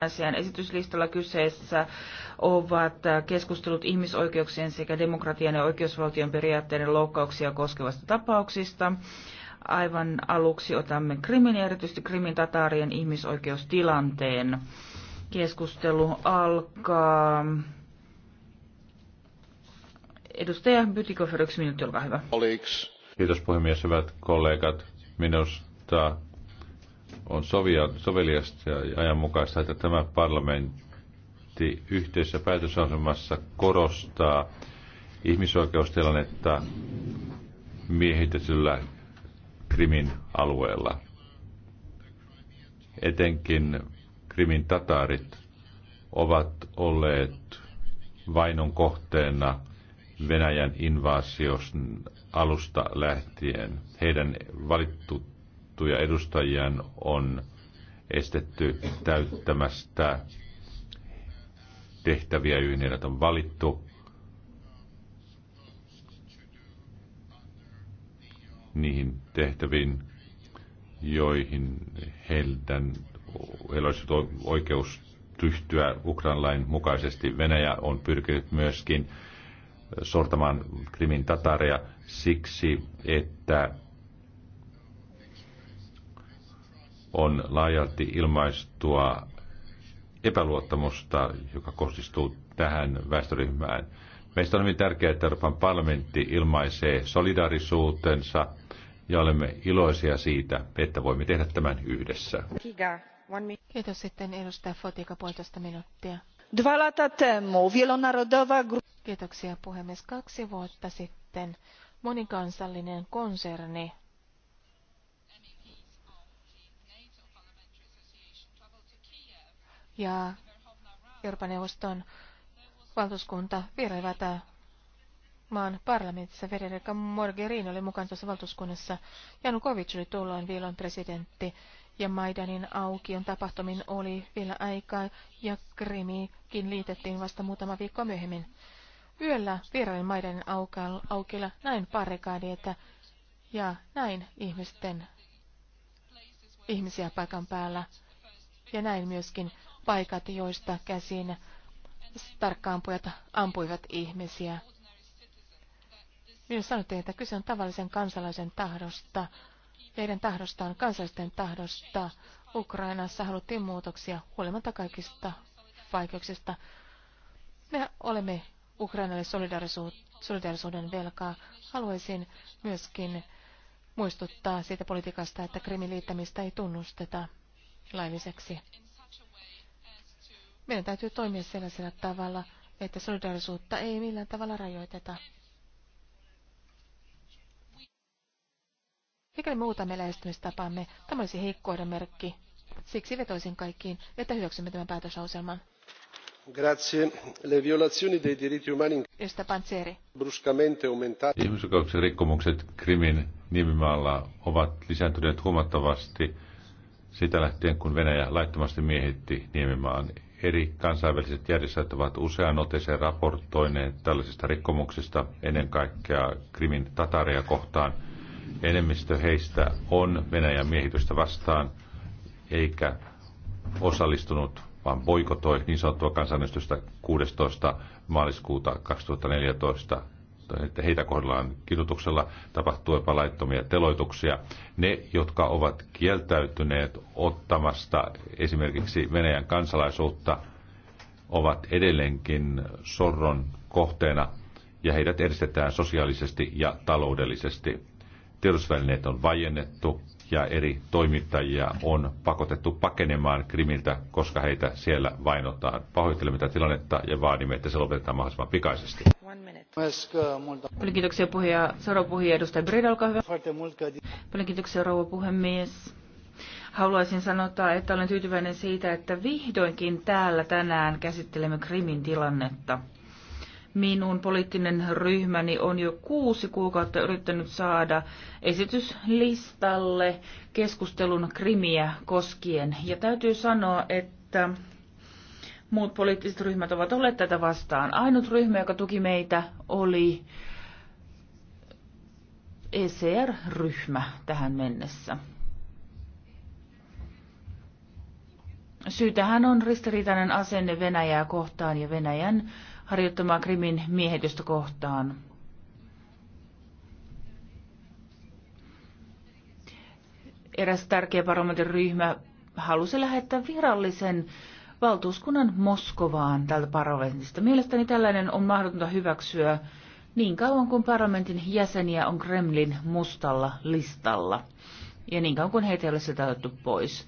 asian esityslistalla kyseessä ovat keskustelut ihmisoikeuksien sekä demokratian ja oikeusvaltion periaatteiden loukkauksia koskevasta tapauksista. Aivan aluksi otamme Krimin ja erityisesti Krimin tataarien ihmisoikeustilanteen. Keskustelu alkaa. Edustaja Bytikofer, yksi minuutti, olkaa hyvä. Kiitos puhemies, hyvät kollegat. Minusta on sovia, soveliasta ja ajanmukaista, että tämä parlamentti yhteisessä päätösasemassa korostaa ihmisoikeustilannetta miehitetyllä Krimin alueella. Etenkin Krimin tataarit ovat olleet vainon kohteena Venäjän invaasion alusta lähtien. Heidän valittu valittuja edustajia on estetty täyttämästä tehtäviä, joihin heidät on valittu. niihin tehtäviin, joihin heidän, heillä olisi oikeus ryhtyä Ukrainlain mukaisesti. Venäjä on pyrkinyt myöskin sortamaan Krimin tataria siksi, että on laajalti ilmaistua epäluottamusta, joka kohdistuu tähän väestöryhmään. Meistä on hyvin tärkeää, että Euroopan parlamentti ilmaisee solidaarisuutensa ja olemme iloisia siitä, että voimme tehdä tämän yhdessä. Kiitos sitten edustaja Fotika puolitoista minuuttia. Kiitoksia puhemies. Kaksi vuotta sitten monikansallinen konserni ja Euroopan neuvoston valtuuskunta vierailivat äh, maan parlamentissa. Federica Morgherini oli mukana tuossa valtuuskunnassa. Janukovic oli tuolloin viilon presidentti ja Maidanin aukion tapahtumin oli vielä aikaa ja Krimikin liitettiin vasta muutama viikko myöhemmin. Yöllä vierailin Maidanin aukilla näin parikaadeita ja näin ihmisten ihmisiä paikan päällä ja näin myöskin paikat, joista käsin tarkkaampujat ampuivat ihmisiä. Minun sanottiin, että kyse on tavallisen kansalaisen tahdosta, heidän tahdostaan, kansalaisten tahdosta. Ukrainassa haluttiin muutoksia huolimatta kaikista vaikeuksista. Me olemme Ukrainalle solidarisuuden velkaa. Haluaisin myöskin muistuttaa siitä politiikasta, että krimin liittämistä ei tunnusteta lailliseksi. Meidän täytyy toimia sellaisella tavalla, että solidaarisuutta ei millään tavalla rajoiteta. Mikäli muutamme lähestymistapaamme, tämä olisi heikkouden merkki. Siksi vetoisin kaikkiin, että hyväksymme tämän päätösauselman. Grazie. Le violazioni dei diritti umani bruscamente aumentate. Ihmisoikeuksien rikkomukset Krimin niemimaalla ovat lisääntyneet huomattavasti sitä lähtien, kun Venäjä laittomasti miehitti niemimaan eri kansainväliset järjestöt ovat usean otteeseen raportoineet tällaisista rikkomuksista, ennen kaikkea Krimin tatareja kohtaan. Enemmistö heistä on Venäjän miehitystä vastaan, eikä osallistunut, vaan boikotoi niin sanottua kansanäänestystä 16. maaliskuuta 2014 että heitä kohdellaan kidutuksella, tapahtuu epälaittomia teloituksia. Ne, jotka ovat kieltäytyneet ottamasta esimerkiksi Venäjän kansalaisuutta, ovat edelleenkin sorron kohteena ja heidät eristetään sosiaalisesti ja taloudellisesti tiedotusvälineet on vajennettu ja eri toimittajia on pakotettu pakenemaan Krimiltä, koska heitä siellä vainotaan. Pahoittelemme tätä tilannetta ja vaadimme, että se lopetetaan mahdollisimman pikaisesti. Uh, Paljon kiitoksia puhuja, seuraava puhuja edustaja Breda, olkaa hyvä. Paljon kiitoksia rouva puhemies. Haluaisin sanoa, että olen tyytyväinen siitä, että vihdoinkin täällä tänään käsittelemme Krimin tilannetta minun poliittinen ryhmäni on jo kuusi kuukautta yrittänyt saada esityslistalle keskustelun krimiä koskien. Ja täytyy sanoa, että muut poliittiset ryhmät ovat olleet tätä vastaan. Ainut ryhmä, joka tuki meitä, oli ECR-ryhmä tähän mennessä. Syytähän on ristiriitainen asenne Venäjää kohtaan ja Venäjän harjoittamaa Krimin miehitystä kohtaan. Eräs tärkeä parlamentin ryhmä halusi lähettää virallisen valtuuskunnan Moskovaan tältä parlamentista. Mielestäni tällainen on mahdotonta hyväksyä niin kauan kuin parlamentin jäseniä on Kremlin mustalla listalla ja niin kauan kuin heitä ei ole sitä pois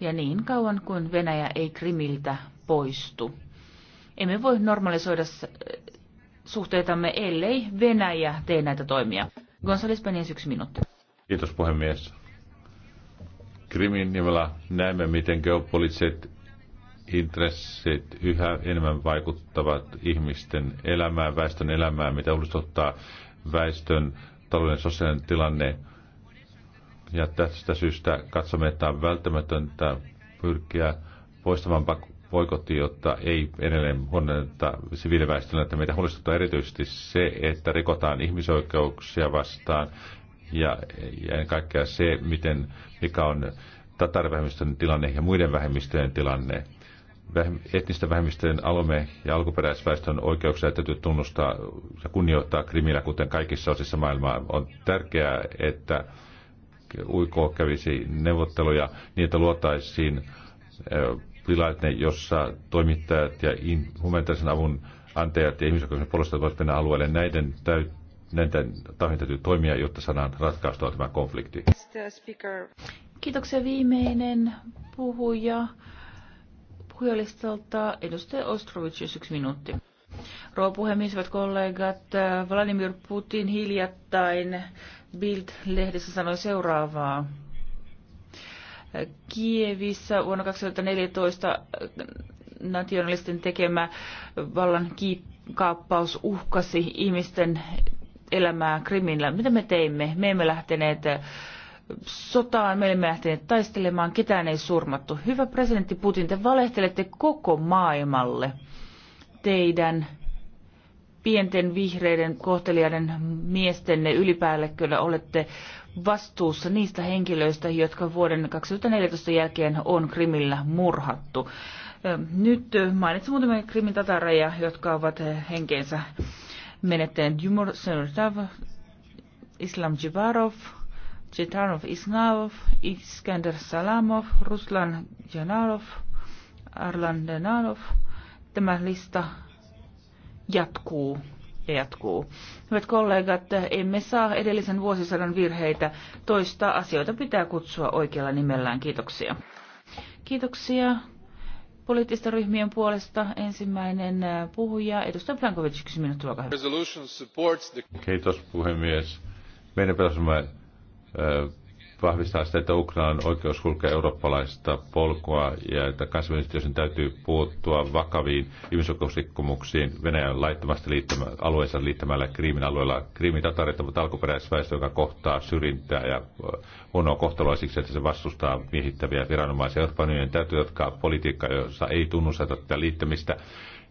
ja niin kauan kuin Venäjä ei Krimiltä poistu. Emme voi normalisoida suhteitamme, ellei Venäjä tee näitä toimia. Gonzales Penies, yksi minuutti. Kiitos puhemies. Krimin nimellä näemme, miten geopoliittiset intressit yhä enemmän vaikuttavat ihmisten elämään, väestön elämään, mitä ulostuttaa väestön talouden sosiaalinen tilanne. Ja tästä syystä katsomme, että on välttämätöntä pyrkiä poistamaan boikotti, jotta ei edelleen huononneta siviiliväestöllä, että meitä huolestuttaa erityisesti se, että rikotaan ihmisoikeuksia vastaan ja, ja ennen kaikkea se, miten, mikä on tatarivähemmistön tilanne ja muiden vähemmistöjen tilanne. Etnisten vähemmistöjen alome- ja alkuperäisväestön oikeuksia täytyy tunnustaa ja kunnioittaa krimillä, kuten kaikissa osissa maailmaa. On tärkeää, että UIK kävisi neuvotteluja niin, että luotaisiin tilanne, jossa toimittajat ja humanitaarisen avun antajat ja ihmisoikeuksien puolustajat voivat mennä alueelle. Näiden, täy, näiden tahojen täytyy toimia, jotta saadaan ratkaistua tämä konflikti. Kiitoksia viimeinen puhuja. Puhujalistalta edustaja jos yksi minuutti. Rouva puhemies, hyvät kollegat, Vladimir Putin hiljattain Bild-lehdessä sanoi seuraavaa. Kievissä vuonna 2014 nationalisten tekemä vallan kaappaus uhkasi ihmisten elämää Krimillä. Mitä me teimme? Me emme lähteneet sotaan, me emme lähteneet taistelemaan, ketään ei surmattu. Hyvä presidentti Putin, te valehtelette koko maailmalle teidän pienten vihreiden kohteliaiden miestenne ylipäällikkönä olette vastuussa niistä henkilöistä, jotka vuoden 2014 jälkeen on Krimillä murhattu. Nyt mainitsin muutamia Krimin tatareja, jotka ovat henkeensä menettäneet Jumur Söndav, Islam Jibarov, Chetanov Isnaov, Iskender Salamov, Ruslan Janarov, Arlan Denarov. Tämä lista jatkuu ja jatkuu. Hyvät kollegat, emme saa edellisen vuosisadan virheitä toistaa. Asioita pitää kutsua oikealla nimellään. Kiitoksia. Kiitoksia poliittisten ryhmien puolesta. Ensimmäinen äh, puhuja, edustaja Plankovic, yksi minuutti, olkaa Kiitos puhemies. Meidän pitäisi äh, vahvistaa sitä, että Ukrainan oikeus kulkea eurooppalaista polkua ja että kansainvälisyyden täytyy puuttua vakaviin ihmisoikeusrikkomuksiin Venäjän laittomasti liittämä, alueensa liittämällä Kriimin alueella. tatarit ovat alkuperäisväestö, joka kohtaa syrjintää ja huonoa kohtaloa siksi, että se vastustaa miehittäviä viranomaisia. Euroopan unionin täytyy jatkaa politiikkaa, jossa ei tunnusteta tätä liittämistä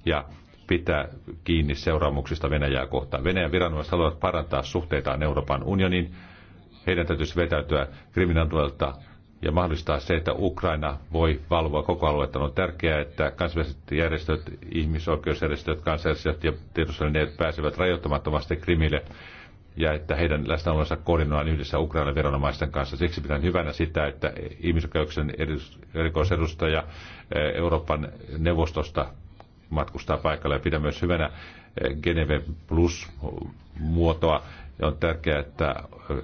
ja pitää kiinni seuraamuksista Venäjää kohtaan. Venäjän viranomaiset haluavat parantaa suhteitaan Euroopan unionin heidän täytyisi vetäytyä Krimin alueelta ja mahdollistaa se, että Ukraina voi valvoa koko aluetta. On tärkeää, että kansainväliset järjestöt, ihmisoikeusjärjestöt, kansalliset ja tiedustelijat pääsevät rajoittamattomasti Krimille ja että heidän läsnäolonsa koordinoidaan yhdessä Ukrainan viranomaisten kanssa. Siksi pidän hyvänä sitä, että ihmisoikeuksien erikoisedustaja eh, Euroopan neuvostosta matkustaa paikalle ja pidän myös hyvänä eh, Geneve Plus-muotoa. On tärkeää, että eh,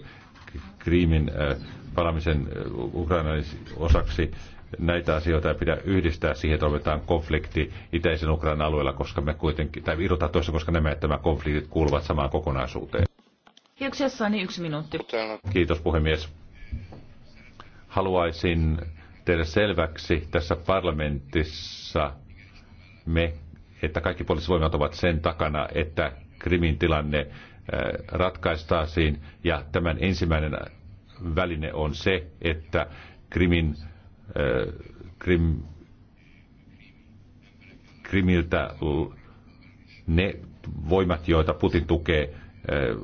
Kriimin äh, palamisen äh, Ukrainan osaksi. Näitä asioita ei pidä yhdistää siihen, että otetaan konflikti itäisen Ukrainan alueella, koska me kuitenkin, tai irrotaan toista, koska nämä, nämä konfliktit kuuluvat samaan kokonaisuuteen. Kiitos, niin yksi minuutti. Kiitos, puhemies. Haluaisin tehdä selväksi tässä parlamentissa me, että kaikki poliisivoimat ovat sen takana, että Krimin tilanne Eh, ratkaistaisiin. Ja tämän ensimmäinen väline on se, että Krimin, eh, Krim, Krimiltä ne voimat, joita Putin tukee, eh,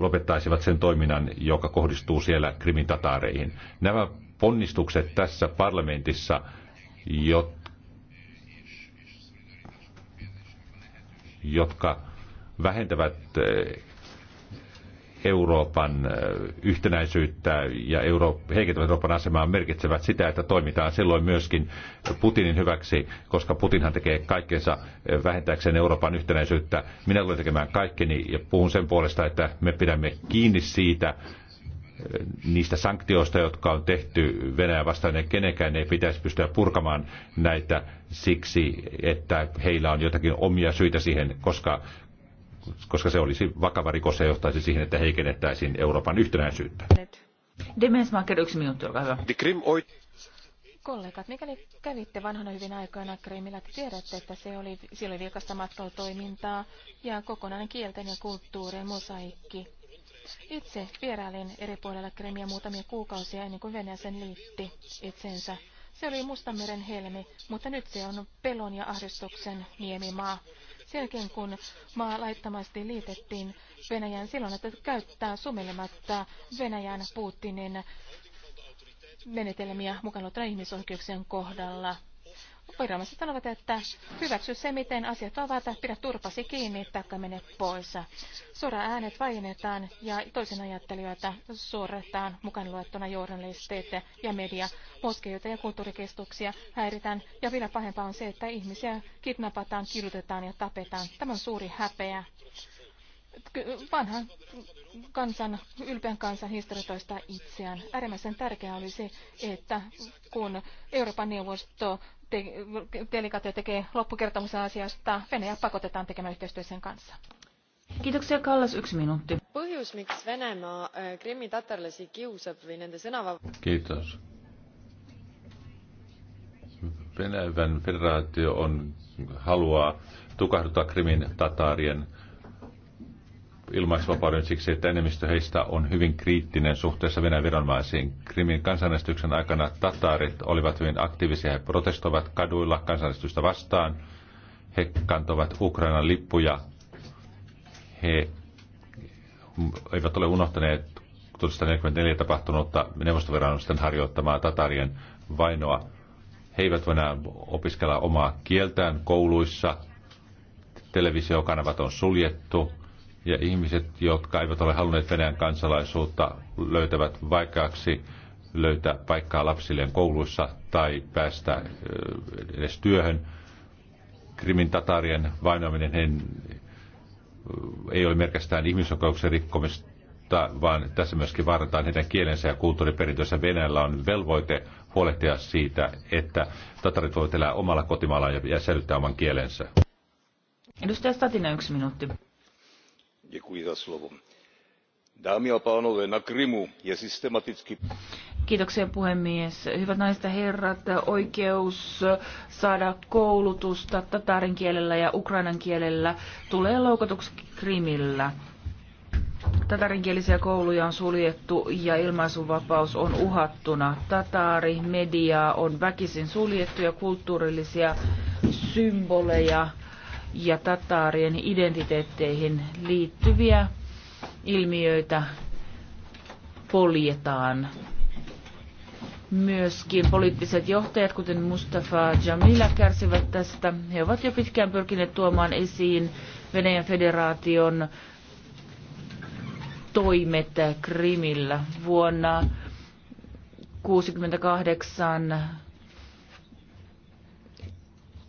lopettaisivat sen toiminnan, joka kohdistuu siellä Krimin tataareihin. Nämä ponnistukset tässä parlamentissa, jotka jotka vähentävät eh, Euroopan eh, yhtenäisyyttä ja Euro- heikentävät Euroopan asemaa merkitsevät sitä, että toimitaan silloin myöskin Putinin hyväksi, koska Putinhan tekee kaikkensa eh, vähentääkseen Euroopan yhtenäisyyttä. Minä tulen tekemään kaikkeni ja puhun sen puolesta, että me pidämme kiinni siitä, niistä sanktioista, jotka on tehty Venäjä vastaan, ja kenenkään ei pitäisi pystyä purkamaan näitä siksi, että heillä on jotakin omia syitä siihen, koska koska se olisi vakava rikos ja johtaisi siihen, että heikennettäisiin Euroopan yhtenäisyyttä. Demensmaker, yksi minuutti, olkaa hyvä. Kollegat, mikäli kävitte vanhana hyvin aikoina Krimillä, te tiedätte, että se oli, siellä oli vilkasta matkailutoimintaa ja kokonainen kielten ja kulttuurin mosaikki. Itse vierailin eri puolella Krimiä muutamia kuukausia ennen kuin Venäjä sen liitti itsensä. Se oli Mustanmeren helmi, mutta nyt se on pelon ja ahdistuksen niemimaa. Sen jälkeen, kun maa laittomasti liitettiin Venäjän, silloin että käyttää sumelematta Venäjän Putinin menetelmiä mukaan ihmisoikeuksien kohdalla. Viranomaiset sanovat, että hyväksy se, miten asiat ovat, pidä turpasi kiinni, taikka mene pois. Suora äänet vainetaan ja toisen ajattelijoita suoretaan mukaan luettuna journalistit ja media, moskeijoita ja kulttuurikeskuksia häiritään. Ja vielä pahempaa on se, että ihmisiä kidnapataan, kirjoitetaan ja tapetaan. Tämä on suuri häpeä vanhan kansan, ylpeän kansan historia toistaa itseään. Äärimmäisen tärkeää oli se, että kun Euroopan neuvosto te, delikate tekee loppukertomuksen asiasta, Venäjä pakotetaan tekemään yhteistyötä sen kanssa. Kiitoksia Kallas, yksi minuutti. Pohjus, miksi Venemaa äh, krimin tatarlasi kiusab või nende sõnava... Kiitos. Venäjän federaatio on, haluaa tukahduttaa Krimin tataarien ilmaisvapauden siksi, että enemmistö heistä on hyvin kriittinen suhteessa Venäjän viranomaisiin. Krimin kansanäänestyksen aikana tataarit olivat hyvin aktiivisia. ja protestoivat kaduilla kansanäänestystä vastaan. He kantoivat Ukrainan lippuja. He eivät ole unohtaneet 1944 tapahtunutta neuvostoviranomaisten harjoittamaa tatarien vainoa. He eivät voi enää opiskella omaa kieltään kouluissa. Televisiokanavat on suljettu ja ihmiset, jotka eivät ole halunneet Venäjän kansalaisuutta, löytävät vaikeaksi löytää paikkaa lapsilleen kouluissa tai päästä edes työhön. Krimin tatarien vainoaminen niin, ei ole merkästään ihmisoikeuksien rikkomista, vaan tässä myöskin vaarantaa heidän kielensä ja kulttuuriperintönsä. Venäjällä on velvoite huolehtia siitä, että tatarit voivat elää omalla kotimaalla ja säilyttää oman kielensä. Edustaja Statinen, yksi minuutti dámy na krymu je systematicky. Kiitoksia puhemies. Hyvät naiset ja herrat, oikeus saada koulutusta tatarin kielellä ja ukrainan kielellä tulee loukatuksi Krimillä. Tatarinkielisiä kouluja on suljettu ja ilmaisuvapaus on uhattuna. Tataari, mediaa on väkisin suljettu ja kulttuurillisia symboleja ja tataarien identiteetteihin liittyviä ilmiöitä poljetaan. Myöskin poliittiset johtajat, kuten Mustafa Jamila, kärsivät tästä. He ovat jo pitkään pyrkineet tuomaan esiin Venäjän federaation toimet Krimillä. Vuonna 1968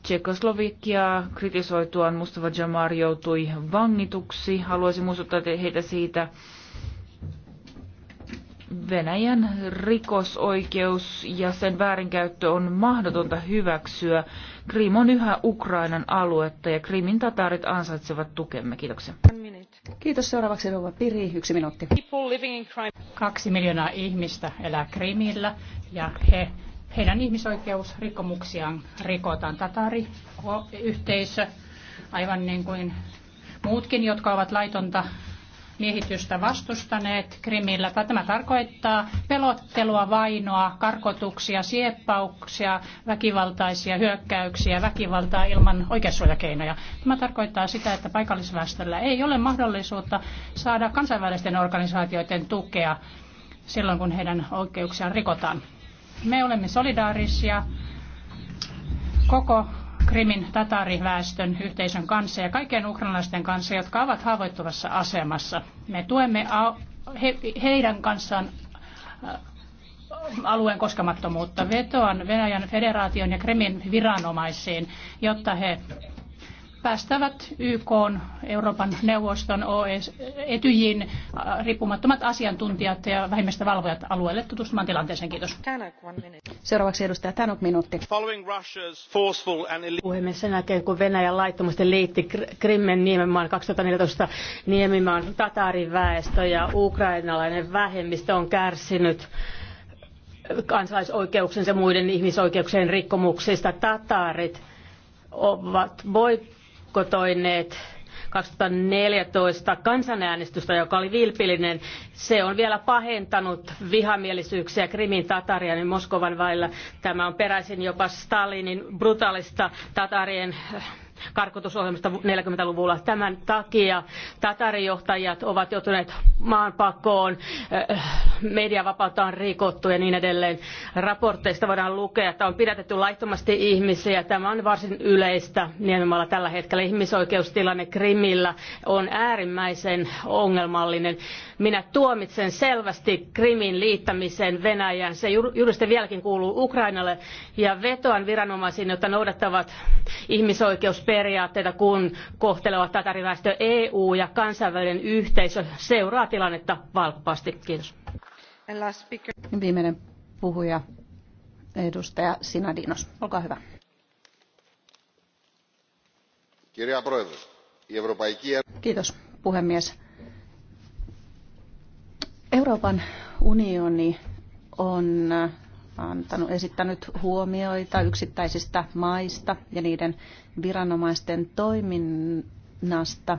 Tsekoslovikiaa kritisoituaan Mustafa Jamar joutui vangituksi. Haluaisin muistuttaa heitä siitä, Venäjän rikosoikeus ja sen väärinkäyttö on mahdotonta hyväksyä. Krim on yhä Ukrainan aluetta ja Krimin tatarit ansaitsevat tukemme. Kiitoksia. Kiitos. Seuraavaksi Rova Piri, yksi minuutti. Kaksi miljoonaa ihmistä elää Krimillä ja he heidän ihmisoikeusrikkomuksiaan rikotaan. Tatari yhteisö, aivan niin kuin muutkin, jotka ovat laitonta miehitystä vastustaneet Krimillä. Tämä tarkoittaa pelottelua, vainoa, karkotuksia, sieppauksia, väkivaltaisia hyökkäyksiä, väkivaltaa ilman oikeussuojakeinoja. Tämä tarkoittaa sitä, että paikallisväestöllä ei ole mahdollisuutta saada kansainvälisten organisaatioiden tukea silloin, kun heidän oikeuksiaan rikotaan. Me olemme solidaarisia koko Krimin tatariväestön yhteisön kanssa ja kaikkien ukrainalaisten kanssa, jotka ovat haavoittuvassa asemassa. Me tuemme heidän kanssaan äh, alueen koskemattomuutta. Vetoan Venäjän federaation ja Krimin viranomaisiin, jotta he päästävät YK, Euroopan neuvoston, OES, Etyjin äh, riippumattomat asiantuntijat ja vähimmäistä valvojat alueelle tutustumaan tilanteeseen. Kiitos. Seuraavaksi edustaja Tanuk minuutti. Puhemies, sen jälkeen kun Venäjä laittomasti liitti Krimmen Niemenmaan 2014 Niemimaan tatariväestö ja ukrainalainen vähemmistö on kärsinyt kansalaisoikeuksensa ja muiden ihmisoikeuksien rikkomuksista. Tataarit ovat voittaneet boikotoineet 2014 kansanäänestystä, joka oli vilpillinen. Se on vielä pahentanut vihamielisyyksiä Krimin Tatarian ja Moskovan välillä. Tämä on peräisin jopa Stalinin brutaalista Tatarien karkotusohjelmasta 40-luvulla. Tämän takia tatarijohtajat ovat joutuneet maanpakoon, äh, mediavapautta on rikottu ja niin edelleen. Raporteista voidaan lukea, että on pidätetty laittomasti ihmisiä. Tämä on varsin yleistä Niemimalla tällä hetkellä. Ihmisoikeustilanne Krimillä on äärimmäisen ongelmallinen. Minä tuomitsen selvästi Krimin liittämisen Venäjään. Se juristen vieläkin kuuluu Ukrainalle ja vetoan viranomaisiin, jotta noudattavat ihmisoikeus perusperiaatteita, kun kohtelevat tatariväestö EU ja kansainvälinen yhteisö seuraa tilannetta valppaasti. Kiitos. Viimeinen puhuja, edustaja Sinadinos. Olkaa hyvä. Kiitos puhemies. Euroopan unioni on antanut, esittänyt huomioita yksittäisistä maista ja niiden viranomaisten toiminnasta,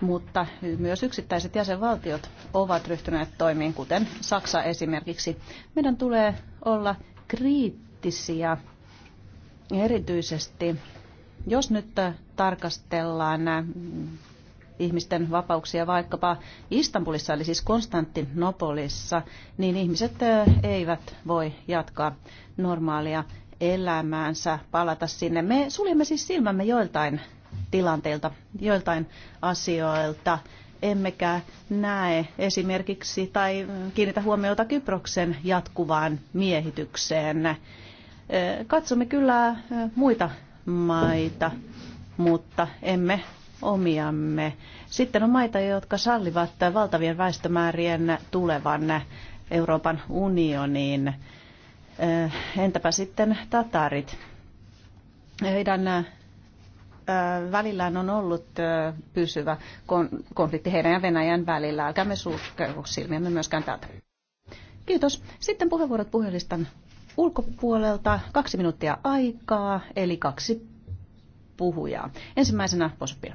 mutta myös yksittäiset jäsenvaltiot ovat ryhtyneet toimiin, kuten Saksa esimerkiksi. Meidän tulee olla kriittisiä erityisesti, jos nyt tarkastellaan ihmisten vapauksia vaikkapa Istanbulissa, eli siis Konstantinopolissa, niin ihmiset eivät voi jatkaa normaalia elämäänsä, palata sinne. Me suljemme siis silmämme joiltain tilanteilta, joiltain asioilta, emmekä näe esimerkiksi tai kiinnitä huomiota Kyproksen jatkuvaan miehitykseen. Katsomme kyllä muita maita, mutta emme omiamme. Sitten on maita, jotka sallivat valtavien väestömäärien tulevan Euroopan unioniin. Eh, entäpä sitten tatarit? Heidän eh, välillään on ollut eh, pysyvä konflikti heidän ja Venäjän välillä. Älkäämme sulkeudu silmiämme myöskään täältä. Kiitos. Sitten puheenvuorot puhelistan ulkopuolelta. Kaksi minuuttia aikaa, eli kaksi puhujaa. Ensimmäisenä Pospil.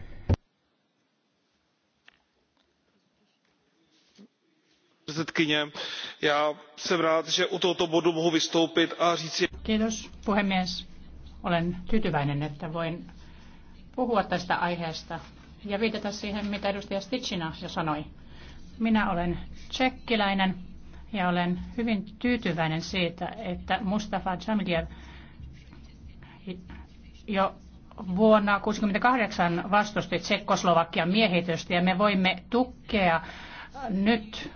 paní předsedající já jsem rád že u tohoto bodu mohu vystoupit a říci. Kiitos puhemies. Olen tyytyväinen, että voin puhua tästä aiheesta ja viitata siihen, mitä edustaja stichina jo sanoi. Minä olen tsekkiläinen ja olen hyvin tyytyväinen siitä, että Mustafa Jamgir jo vuonna 1968 vastusti Tsekkoslovakian miehitystä ja me voimme tukea nyt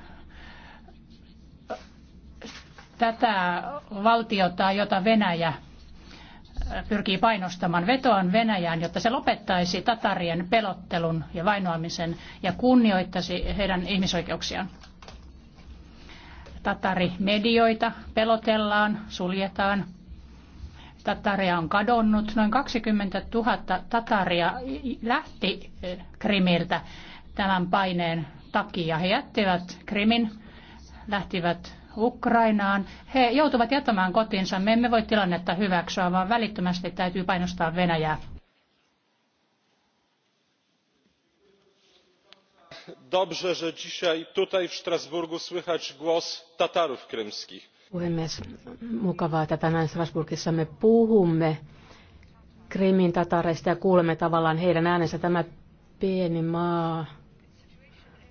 tätä valtiota, jota Venäjä pyrkii painostamaan vetoon Venäjään, jotta se lopettaisi tatarien pelottelun ja vainoamisen ja kunnioittaisi heidän ihmisoikeuksiaan. Tatarimedioita pelotellaan, suljetaan. Tataria on kadonnut. Noin 20 000 tataria lähti eh, Krimiltä tämän paineen takia. He jättivät Krimin, lähtivät Ukrainaan. He joutuvat jättämään kotinsa. Me emme voi tilannetta hyväksyä, vaan välittömästi täytyy painostaa Venäjää. dobrze że dzisiaj tutaj w strasburgu słychać głos tatarów krymskich. puhemies mukavaa että tänään Strasburgissa, me puhumme krimin tatareista ja kuulemme tavallaan heidän äänensä tämä pieni maa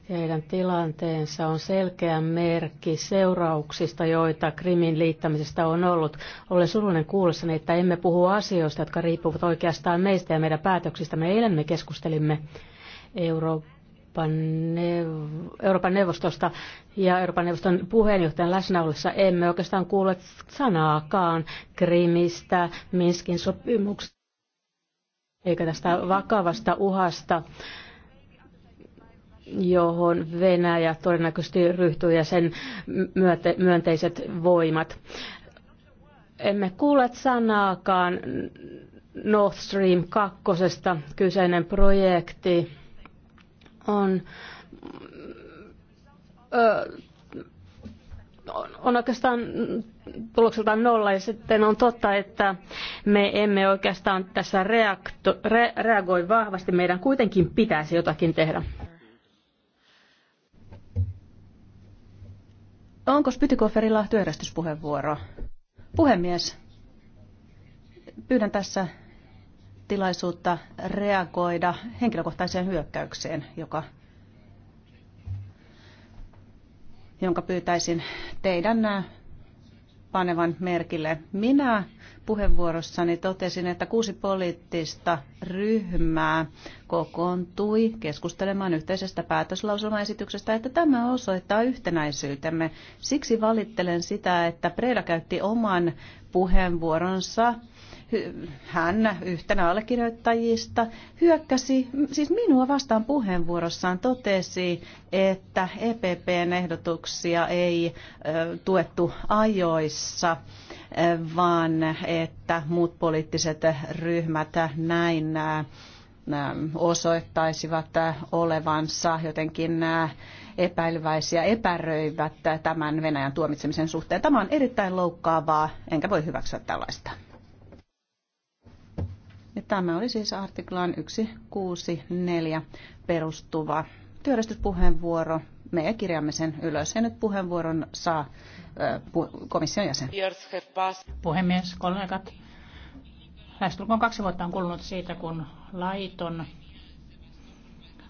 ja heidän tilanteensa on selkeä merkki seurauksista, joita krimin liittämisestä on ollut. Olen surullinen kuullessani, että emme puhu asioista, jotka riippuvat oikeastaan meistä ja meidän päätöksistä. Me eilen me keskustelimme Euroopan, neuv- Euroopan neuvostosta ja Euroopan neuvoston puheenjohtajan läsnäollessa emme oikeastaan kuule sanaakaan krimistä, Minskin sopimuksesta eikä tästä vakavasta uhasta johon Venäjä todennäköisesti ryhtyy ja sen myönte- myönteiset voimat. Emme kuule sanaakaan Nord Stream 2. Kyseinen projekti on, ö, on oikeastaan tulokseltaan nolla. Ja sitten on totta, että me emme oikeastaan tässä reakto, re, reagoi vahvasti. Meidän kuitenkin pitäisi jotakin tehdä. Onko Spytikoferilla työjärjestyspuheenvuoro? Puhemies, pyydän tässä tilaisuutta reagoida henkilökohtaiseen hyökkäykseen, joka, jonka pyytäisin teidän panevan merkille. Minä puheenvuorossani totesin, että kuusi poliittista ryhmää kokoontui keskustelemaan yhteisestä päätöslauselmaesityksestä, että tämä osoittaa yhtenäisyytemme. Siksi valittelen sitä, että Preda käytti oman puheenvuoronsa hän yhtenä allekirjoittajista hyökkäsi, siis minua vastaan puheenvuorossaan totesi, että EPPn ehdotuksia ei tuettu ajoissa, vaan että muut poliittiset ryhmät näin osoittaisivat olevansa jotenkin epäilväisiä, epäröivät tämän Venäjän tuomitsemisen suhteen. Tämä on erittäin loukkaavaa, enkä voi hyväksyä tällaista. Ja tämä oli siis artiklaan 164 perustuva työllistyspuheenvuoro. Me kirjaamme sen ylös ja nyt puheenvuoron saa komission jäsen. Puhemies, kollegat. Lähestulkoon kaksi vuotta on kulunut siitä, kun laiton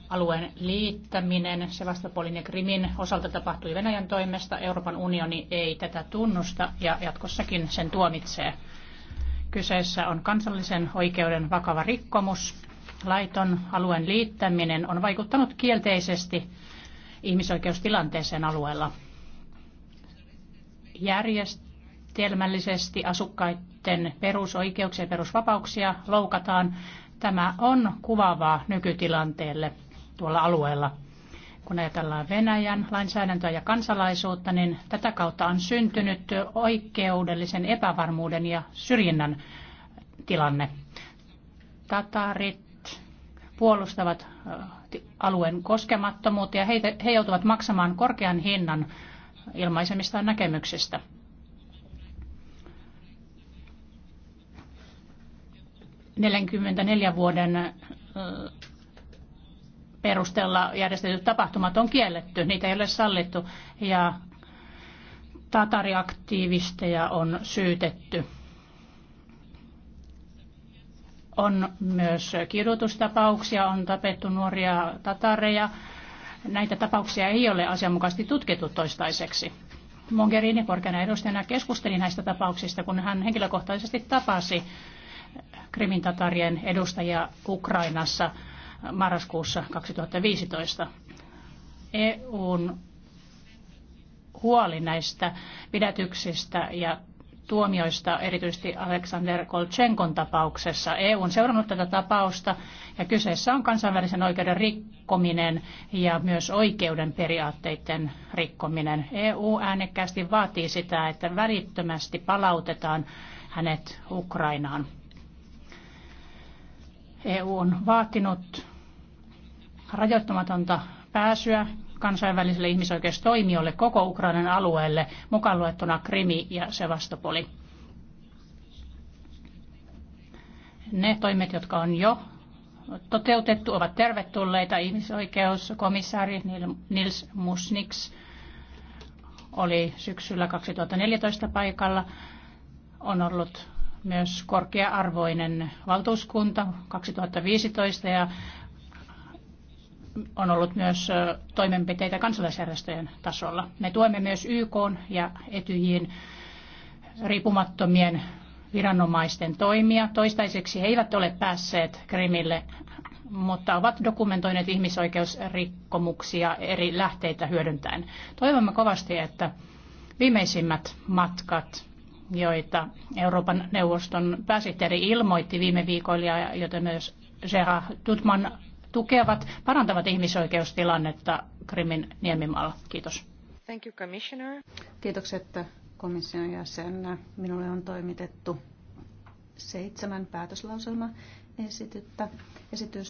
alueen liittäminen Sevastopolin ja Krimin osalta tapahtui Venäjän toimesta. Euroopan unioni ei tätä tunnusta ja jatkossakin sen tuomitsee. Kyseessä on kansallisen oikeuden vakava rikkomus. Laiton alueen liittäminen on vaikuttanut kielteisesti ihmisoikeustilanteeseen alueella. Järjestelmällisesti asukkaiden perusoikeuksia ja perusvapauksia loukataan. Tämä on kuvaavaa nykytilanteelle tuolla alueella kun ajatellaan Venäjän lainsäädäntöä ja kansalaisuutta, niin tätä kautta on syntynyt oikeudellisen epävarmuuden ja syrjinnän tilanne. Tatarit puolustavat äh, alueen koskemattomuutta ja heitä, he joutuvat maksamaan korkean hinnan ilmaisemista näkemyksistä. 44 vuoden äh, perusteella järjestetyt tapahtumat on kielletty, niitä ei ole sallittu ja tatariaktiivisteja on syytetty. On myös kidutustapauksia, on tapettu nuoria tatareja. Näitä tapauksia ei ole asianmukaisesti tutkittu toistaiseksi. Mongerini korkeana edustajana keskusteli näistä tapauksista, kun hän henkilökohtaisesti tapasi Krimin tatarien edustajia Ukrainassa marraskuussa 2015. EUn huoli näistä pidätyksistä ja tuomioista, erityisesti Aleksander Kolchenkon tapauksessa. EU on seurannut tätä tapausta ja kyseessä on kansainvälisen oikeuden rikkominen ja myös oikeuden periaatteiden rikkominen. EU äänekkäästi vaatii sitä, että välittömästi palautetaan hänet Ukrainaan. EU on vaatinut rajoittamatonta pääsyä kansainvälisille ihmisoikeustoimijoille koko Ukrainan alueelle, mukaan luettuna Krimi ja Sevastopoli. Ne toimet, jotka on jo toteutettu, ovat tervetulleita. Ihmisoikeuskomissaari Nils Musniks oli syksyllä 2014 paikalla. On ollut myös korkea-arvoinen valtuuskunta 2015 ja on ollut myös toimenpiteitä kansalaisjärjestöjen tasolla. Me tuemme myös YK ja Etyjin riippumattomien viranomaisten toimia. Toistaiseksi he eivät ole päässeet Krimille, mutta ovat dokumentoineet ihmisoikeusrikkomuksia eri lähteitä hyödyntäen. Toivomme kovasti, että viimeisimmät matkat, joita Euroopan neuvoston pääsihteeri ilmoitti viime viikolla, joten myös Gerard Tutman tukevat, parantavat ihmisoikeustilannetta Krimin niemimaalla. Kiitos. Thank you, Commissioner. että komission jäsen. Minulle on toimitettu seitsemän päätöslauselmaesitystä. esitystä.